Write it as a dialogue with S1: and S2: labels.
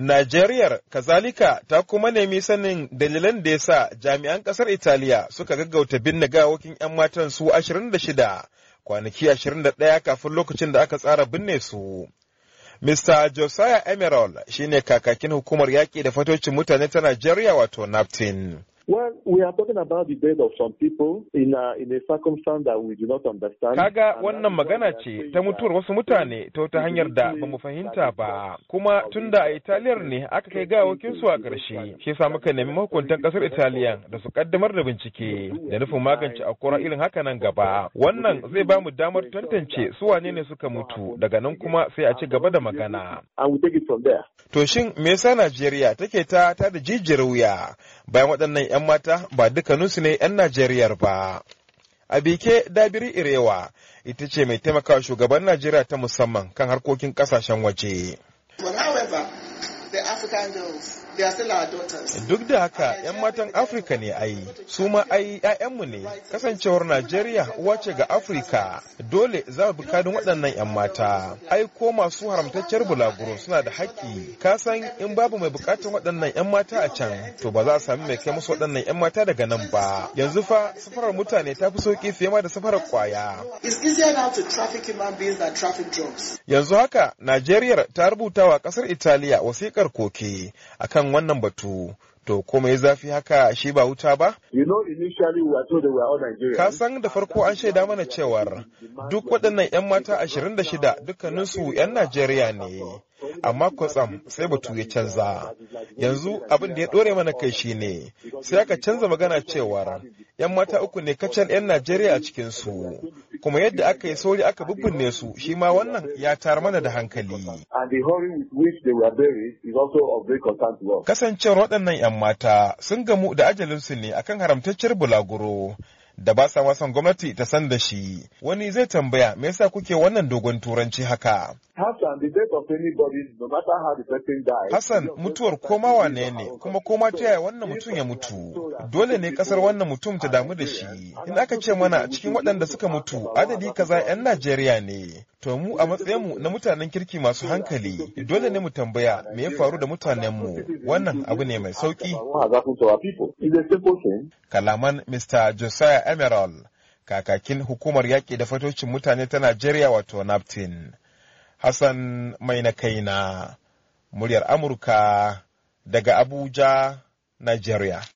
S1: Najeriyar kazalika ta kuma nemi sanin dalilan da ya sa jami'an ƙasar Italiya suka gaggauta binne gawakin 'yan matan su 26 kwanaki 21 kafin lokacin da aka tsara binne su. Mr. Josiah Emerald shine kakakin hukumar yaƙi da fatocin mutane ta Najeriya wato NAPTIN. Well, we are talking about the death of some people in a, in a circumstance that we do not understand. Kaga wannan magana ce ta mutuwar wasu mutane ta wata hanyar da ba fahimta ba. Kuma tun da a Italiyar ne aka kai gawakin su a ƙarshe. Shi yasa muka nemi mahukuntan ƙasar Italiya da su kaddamar da bincike da nufin magance akwara irin haka nan gaba. Wannan zai ba mu damar tantance su wane ne suka mutu daga nan kuma sai a ci gaba da magana. To shin me yasa Najeriya take ta ta da jijiyar wuya bayan waɗannan 'yan mata ba dukkaninsu ne 'yan Najeriya ba. a bike Dabiri Irewa ita ce mai taimakawa shugaban Najeriya ta musamman kan harkokin kasashen waje. Duk da haka 'yan matan Afirka ne ai, su ma ai 'ya'yanmu ne, kasancewar Najeriya wace ga Afirka, dole za mu bukadin waɗannan 'yan mata. Ai ko masu haramtacciyar bulaguro suna da haƙƙi, ka san in babu mai bukatan waɗannan 'yan mata a can, to ba za a sami mai kai musu waɗannan 'yan mata daga nan ba. Yanzu fa safarar mutane ta fi sauƙi fiye ma da safarar kwaya. Yanzu haka Najeriya ta rubuta wa ƙasar Italiya wasiƙar koke akan kan wannan batu. To kuma ya zafi haka shi ba wuta ba? Ka san da farko an shaida mana cewar duk waɗannan 'yan mata 26 dukkaninsu 'yan Najeriya ne. Amma kwatsam sai batu ya canza. Yanzu abin da ya ɗore mana kai shi ne, sai aka canza magana cewar 'yan mata uku ne kacan 'yan Najeriya a cikinsu. kuma yadda aka yi sauri aka bubbinne su shi ma wannan ya tar mana da hankali. Kasancewar waɗannan 'yan mata sun gamu da ajalinsu ne akan haramtacciyar bulaguro da ba sa son gwamnati ta san da shi. Wani zai tambaya me yasa kuke wannan dogon turanci haka? Hassan mutuwar koma wane ne kuma koma ta yaya wannan mutum ya mutu. Dole ne kasar wannan mutum ta damu da shi. In aka ce mana cikin waɗanda suka mutu adadi kaza 'yan Najeriya ne. To mu a matsayinmu na mutanen kirki masu hankali dole ne mu tambaya me ya faru da mutanenmu wannan abu ne mai sauki. Kalaman Mr. Josiah Emerald kakakin hukumar yaƙi da fatocin mutane ta Najeriya wato Naptin. Hassan mai na kaina muryar Amurka daga Abuja, Najeriya.